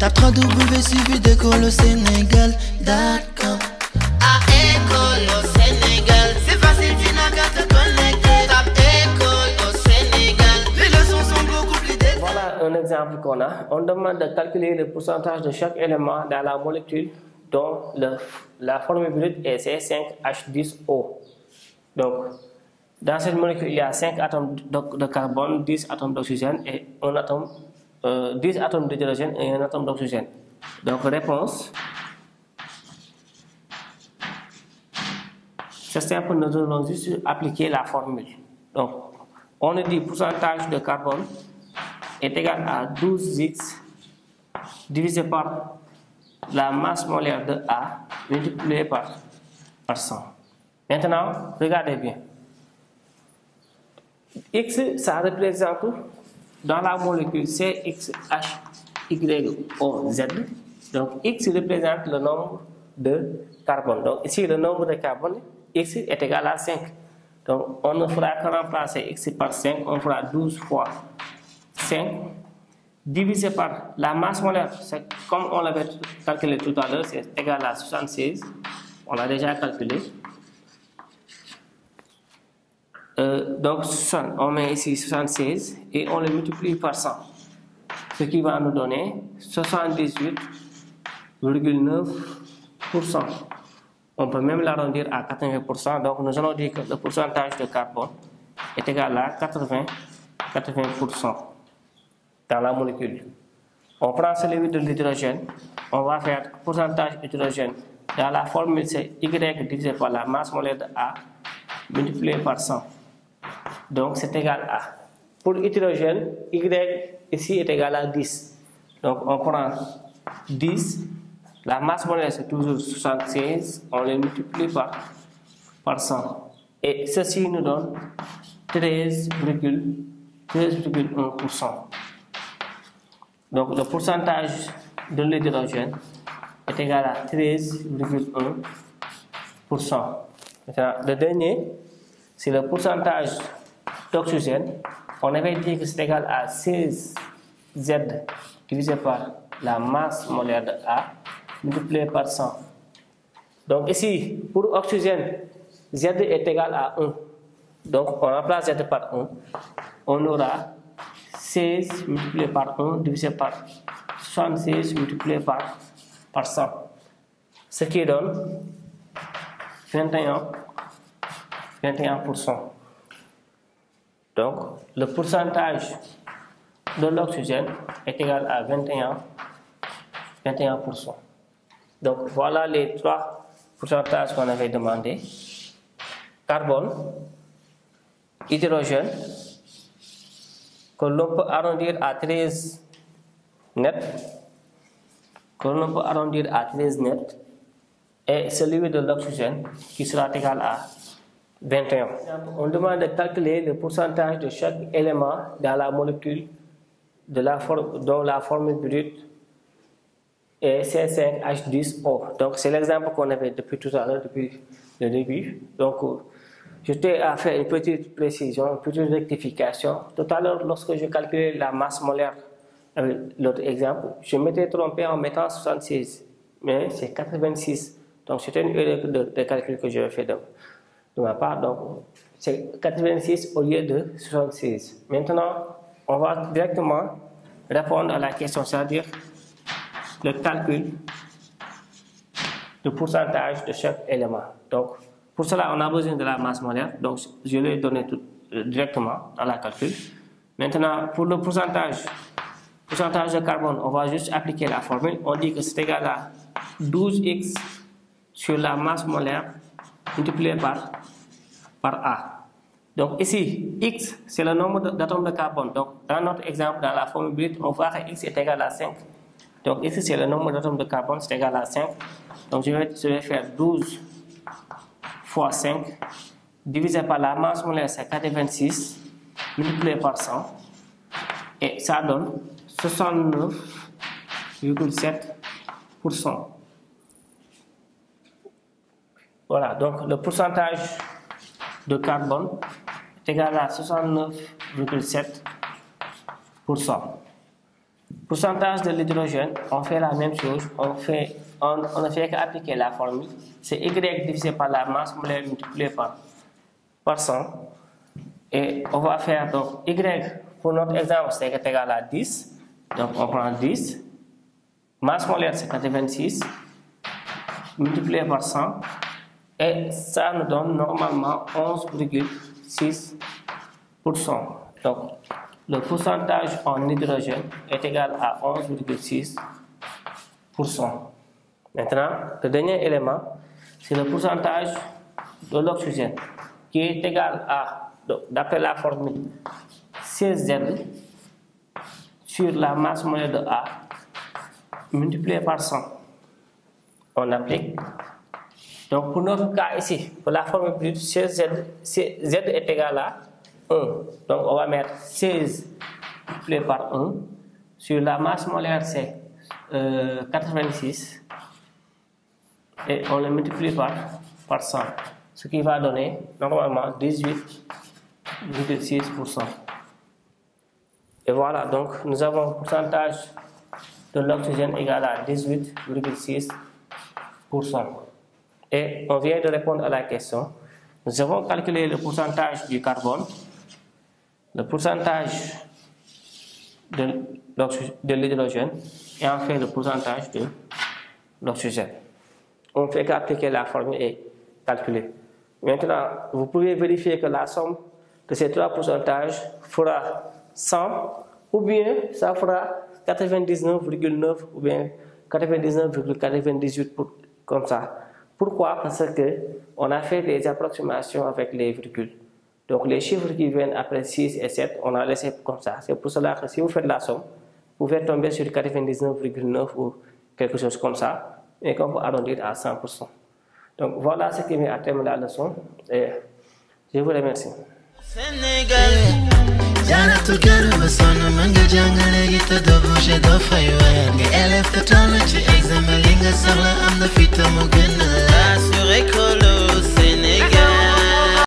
Tape w suivi de Colo d'accord École au Sénégal, c'est facile, tu n'as qu'à te connecter. École Sénégal, les leçons sont beaucoup plus détaillées. Voilà un exemple qu'on a. On demande de calculer le pourcentage de chaque élément dans la molécule dont la formule brute est C5H10O. Donc, dans cette molécule, il y a 5 atomes de, de carbone, 10 atomes d'oxygène et 1 atome 10 euh, atomes d'hydrogène et un atome d'oxygène. Donc réponse. C'est simple, nous allons juste appliquer la formule. Donc, on a dit pourcentage de carbone est égal à 12x divisé par la masse molaire de A multiplié par, 100. Maintenant, regardez bien. X, ça représente dans la molécule CXHYOZ, donc X représente le nombre de carbone. Donc ici, le nombre de carbone, X est égal à 5. Donc on ne fera que remplacer X par 5, on fera 12 fois 5 divisé par la masse molaire, comme on l'avait calculé tout à l'heure, c'est égal à 76. On l'a déjà calculé. Euh, donc on met ici 76 et on le multiplie par 100, ce qui va nous donner 78,9%. On peut même l'arrondir à 80%, donc nous allons dire que le pourcentage de carbone est égal à 80, dans la molécule. On prend celui de l'hydrogène, on va faire pourcentage d'hydrogène dans la formule c'est Y divisé par la masse molaire de A multiplié par 100. Donc c'est égal à. Pour l'hydrogène, Y ici est égal à 10. Donc on prend 10. La masse molaire c'est toujours 76. On les multiplie par, 100. Et ceci nous donne 13,1%. Donc le pourcentage de l'hydrogène est égal à 13,1%. Maintenant, le dernier, c'est le pourcentage d'oxygène, on avait dit que c'est égal à 16Z divisé par la masse molaire de A multiplié par 100. Donc ici, pour oxygène, Z est égal à 1. Donc on remplace Z par 1. On aura 16 multiplié par 1 divisé par 76 multiplié par, par 100. Ce qui donne 21, 21%. Donc, le pourcentage de l'oxygène est égal à 21, Donc, voilà les trois pourcentages qu'on avait demandé. Carbone, hydrogène, que l'on peut arrondir à 13 net, que arrondir à 13 net, et celui de l'oxygène qui sera égal à 21. On demande de calculer le pourcentage de chaque élément dans la molécule de la dont la formule brute est C5H10O. Donc c'est l'exemple qu'on avait depuis tout à l'heure, depuis le début. Donc je à faire une petite précision, une petite rectification. Tout à l'heure, lorsque je calculais la masse molaire avec l'autre exemple, je m'étais trompé en mettant 76, mais c'est 86. Donc c'était une erreur de, calcul que je fait. Donc de ma part. Donc, c'est 86 au lieu de 66. Maintenant, on va directement répondre à la question, c'est-à-dire le calcul du pourcentage de chaque élément. Donc, pour cela, on a besoin de la masse molaire. Donc, je l'ai donné tout, euh, directement dans la calcul. Maintenant, pour le pourcentage, pourcentage de carbone, on va juste appliquer la formule. On dit que c'est égal à 12x sur la masse molaire multiplié par par A. Donc ici, X, c'est le nombre d'atomes de carbone. Donc dans notre exemple, dans la formule brute, on voit que X est égal à 5. Donc ici, c'est le nombre d'atomes de carbone, c'est égal à 5. Donc je vais, je vais, faire 12 fois 5, divisé par la masse molaire, c'est 4,26, multiplié par 100. Et ça donne 69,7%. Voilà, donc le pourcentage de carbone est égal à 69,7%. Pourcentage de l'hydrogène, on fait la même chose, on, fait, on, on ne fait qu'appliquer la formule. C'est Y divisé par la masse molaire multipliée par, 100. Et on va faire donc Y, pour notre exemple, c'est égal à 10. Donc on prend 10. Masse molaire, c'est 86. Multiplié par 100. Et ça nous donne normalement 11,6%. Donc, le pourcentage en hydrogène est égal à 11,6%. Maintenant, le dernier élément, c'est le pourcentage de l'oxygène qui est égal à, d'après la formule, CZ sur la masse moyenne de A multiplié par 100. On applique donc pour notre cas ici, pour la forme plus 16 Z est égal à 1. Donc on va mettre 16 multiplié par 1 sur la masse molaire c'est 86 euh, et on le multiplie par, par 100 ce qui va donner normalement 18,6% et voilà donc nous avons un pourcentage de l'oxygène égal à 18,6% et on vient de répondre à la question. Nous avons calculé le pourcentage du carbone, le pourcentage de, l'hydrogène et enfin le pourcentage de l'oxygène. On ne fait qu'appliquer la formule et calculer. Maintenant, vous pouvez vérifier que la somme de ces trois pourcentages fera 100 ou bien ça fera 99,9 ou bien 99,98 comme ça. Pourquoi Parce qu'on a fait des approximations avec les virgules. Donc les chiffres qui viennent après 6 et 7, on a laissé comme ça. C'est pour cela que si vous faites la somme, vous pouvez tomber sur 99,9 ou quelque chose comme ça, et qu'on peut arrondir à 100%. Donc voilà ce qui met à terme la leçon, et je vous remercie. Jana tu gyaru ba sonu manga jangale gita do bushe do faiwa Nga elef ta tonu ci exam linga sala am da fita mugana Asure kolo